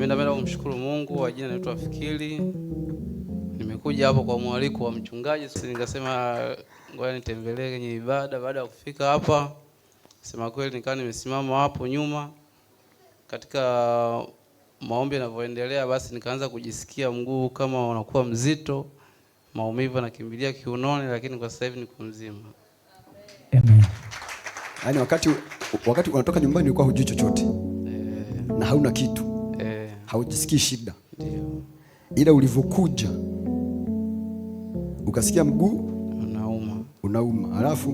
Mimi napenda kumshukuru Mungu, kwa jina naitwa Fikiri. Nimekuja hapo kwa mwaliko wa mchungaji, sasa nikasema ngoja nitembelee kwenye ibada. Baada ya kufika hapa, sema kweli, nikawa nimesimama hapo nyuma katika maombi yanavyoendelea, basi nikaanza kujisikia mguu kama unakuwa mzito, maumivu yanakimbilia kiunoni, lakini kwa sasa hivi niko mzima. Amen. Yaani wakati wakati unatoka nyumbani ulikuwa hujui chochote e, na hauna kitu haujisikii shida, ila ulivyokuja ukasikia mguu unauma, unauma, alafu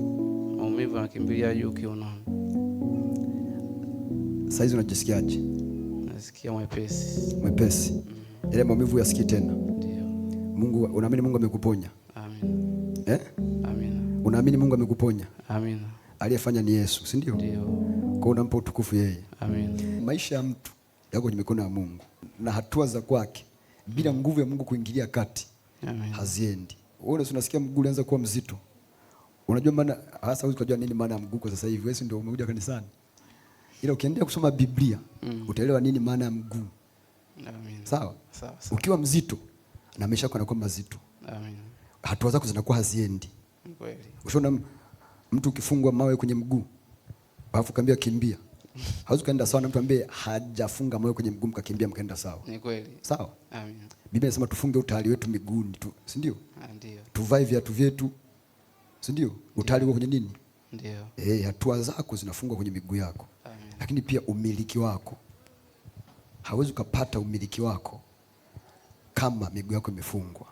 maumivu yanakimbilia juu kiunoni. Saizi unajisikiaje? Nasikia mwepesi, mwepesi. Mm. Ile maumivu yasikii tena. Ndio. Mungu, unaamini Mungu amekuponya? Amen. Eh? Amen. Unaamini Mungu amekuponya? Amen. Aliyefanya ni Yesu, si ndio? Ndio. Kwa unampa utukufu yeye. Amen. Maisha ya mtu yako kwenye mikono ya Mungu na hatua za kwake bila nguvu ya Mungu kuingilia kati Amen. haziendi. Wewe unasikia mguu unaanza kuwa mzito. Unajua maana hasa huwezi kujua nini maana ya mguu kwa sasa hivi. Wewe ndio umekuja kanisani. Ila ukiendelea kusoma Biblia mm. utaelewa nini maana ya mguu. Amen. Sawa? Sawa, sawa. Ukiwa mzito na maisha yako yanakuwa mazito. Amen. Hatua zako zinakuwa haziendi. Kweli. Ushaona mtu ukifungwa mawe kwenye mguu alafu kaambia kimbia Hawezi ukaenda sawa na mtu ambaye hajafunga moyo kwenye mguu mkakimbia mkaenda sawa. Ni kweli. Sawa? Amen. Biblia inasema tufunge utayari wetu miguuni tu, si ndio? Ah, ndio. Tuvae viatu vyetu. Si ndio? Utayari uko kwenye nini? Ndio. Eh, hatua zako zinafungwa kwenye miguu yako. Amen. Lakini pia umiliki wako. Hawezi kupata umiliki wako kama miguu yako imefungwa.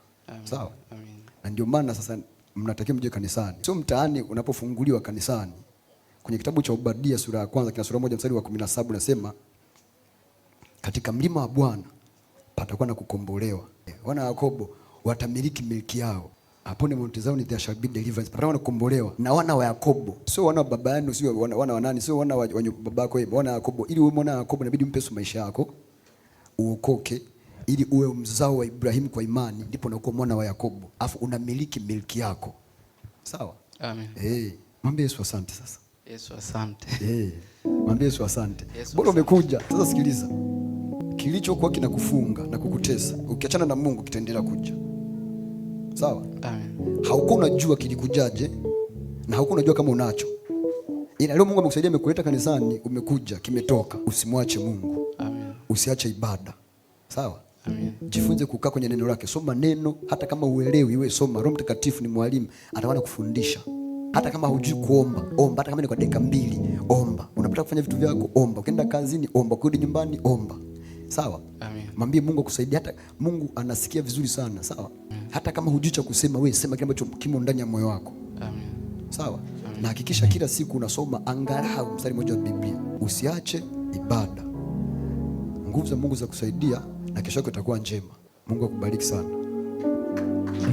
Sawa? Amen. Na ndio maana sasa mnatakiwa mje kanisani. Sio mtaani unapofunguliwa kanisani kwenye kitabu cha Obadia sura ya kwanza kina sura moja mstari wa 17 unasema katika mlima wa Bwana patakuwa na kukombolewa, wana Yakobo watamiliki milki yao, upon mount Zion there shall be deliverance. Patakuwa na kukombolewa na wana wa Yakobo, sio wana wa baba yenu, sio wana, wana wa nani, sio wana wa baba yako, wana wa Yakobo. Ili uwe mwana wa Yakobo inabidi umpe Yesu maisha yako uokoke, ili uwe mzao wa Ibrahimu kwa imani, ndipo unakuwa mwana wa Yakobo, afu unamiliki milki yako. Sawa, amen. Eh, hey, mwambie Yesu asante sasa Yesu asante. Eh. Mwambie Yesu asante. Bora umekuja. Sasa sikiliza. Kilichokuwa kinakufunga na kukutesa, ukiachana na Mungu kitaendelea kuja. Sawa? Amen. Haukuwa unajua kilikujaje na hauko unajua kama unacho. Ila leo Mungu amekusaidia amekuleta kanisani, umekuja, kimetoka. Usimwache Mungu. Amen. Usiache ibada. Sawa? Amen. Jifunze kukaa kwenye neno lake. Soma neno hata kama uelewi, iwe soma. Roho Mtakatifu ni mwalimu, atawana kufundisha. Hata kama hujui kuomba, omba. Hata kama ni kwa dakika mbili, omba. unapata kufanya vitu vyako, omba. Ukienda kazini, omba. Ukirudi nyumbani, omba. Sawa? Amen. Mwambie Mungu akusaidie. Hata Mungu anasikia vizuri sana, sawa? Amen. Hata kama hujui cha kusema, wewe sema kile ambacho kimo ndani ya moyo wako. Amen. Sawa? Amen. Na hakikisha kila siku unasoma angalau mstari mmoja wa Biblia. Usiache ibada. Nguvu za Mungu za kusaidia na kesho yako itakuwa njema. Mungu akubariki sana.